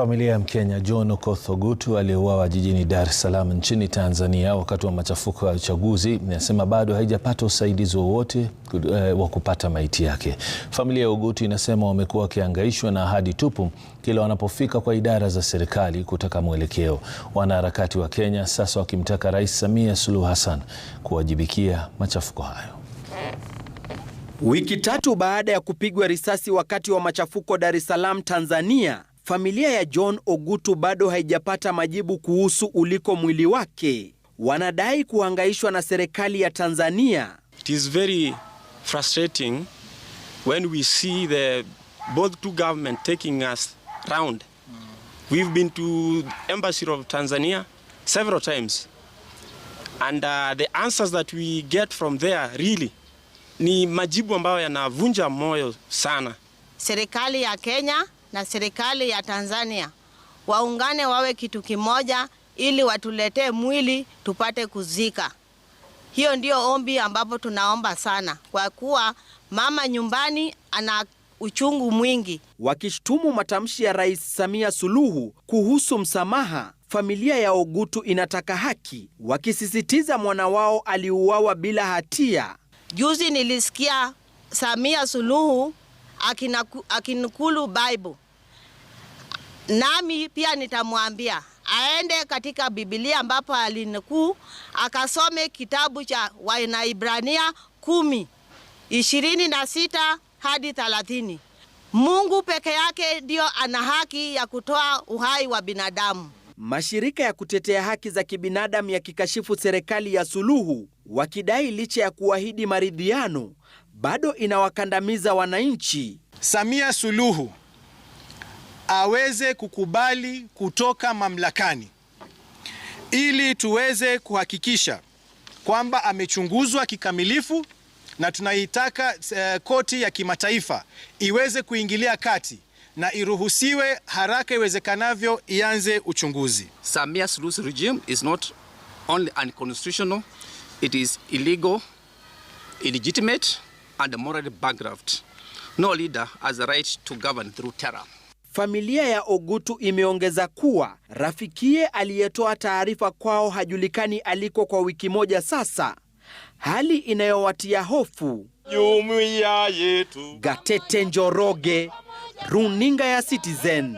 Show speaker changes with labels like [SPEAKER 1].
[SPEAKER 1] Familia ya Mkenya John Okoth Ogutu aliyeuawa jijini Dar es Salaam nchini Tanzania wakati wa machafuko ya uchaguzi inasema bado haijapata usaidizi wowote eh, wa kupata maiti yake. Familia ya Ogutu inasema wamekuwa wakihangaishwa na ahadi tupu kila wanapofika kwa idara za serikali kutaka mwelekeo. Wanaharakati wa Kenya sasa wakimtaka Rais Samia Suluhu Hassan kuwajibikia machafuko hayo.
[SPEAKER 2] Wiki tatu baada ya kupigwa risasi wakati wa machafuko Dar es Salaam, Tanzania Familia ya John Ogutu bado haijapata majibu kuhusu uliko mwili wake. Wanadai kuhangaishwa na serikali ya Tanzania.
[SPEAKER 3] It is very frustrating when we see the both two government taking us round. We've been to embassy of Tanzania several times. And uh, the answers that we get from there really ni majibu ambayo yanavunja moyo sana.
[SPEAKER 4] Serikali ya Kenya na serikali ya Tanzania waungane wawe kitu kimoja ili watuletee mwili tupate kuzika. Hiyo ndio ombi ambapo tunaomba sana, kwa kuwa mama nyumbani ana uchungu mwingi.
[SPEAKER 2] Wakishtumu matamshi ya Rais Samia Suluhu kuhusu msamaha, familia ya Ogutu inataka haki, wakisisitiza mwana wao aliuawa bila hatia.
[SPEAKER 4] Juzi nilisikia Samia Suluhu akinakulu Bible nami pia nitamwambia aende katika Biblia ambapo alinukuu akasome kitabu cha wanaibrania kumi ishirini na sita hadi thelathini. Mungu peke yake ndiyo ana haki ya kutoa uhai wa binadamu.
[SPEAKER 2] Mashirika ya kutetea haki za kibinadamu yakikashifu serikali ya Suluhu wakidai licha ya kuahidi maridhiano bado inawakandamiza wananchi.
[SPEAKER 5] Samia Suluhu aweze kukubali kutoka mamlakani ili tuweze kuhakikisha kwamba amechunguzwa kikamilifu, na tunaitaka uh, koti ya kimataifa iweze kuingilia kati na iruhusiwe haraka iwezekanavyo ianze uchunguzi.
[SPEAKER 6] Samia Suluhu's regime is not only unconstitutional, it is illegal, illegitimate and morally bankrupt. No leader has the right to govern through terror.
[SPEAKER 2] Familia ya Ogutu imeongeza kuwa rafikiye aliyetoa taarifa kwao hajulikani aliko kwa wiki moja sasa, hali inayowatia hofu.
[SPEAKER 7] Jumuiya yetu.
[SPEAKER 2] Gatete Njoroge, runinga ya Citizen.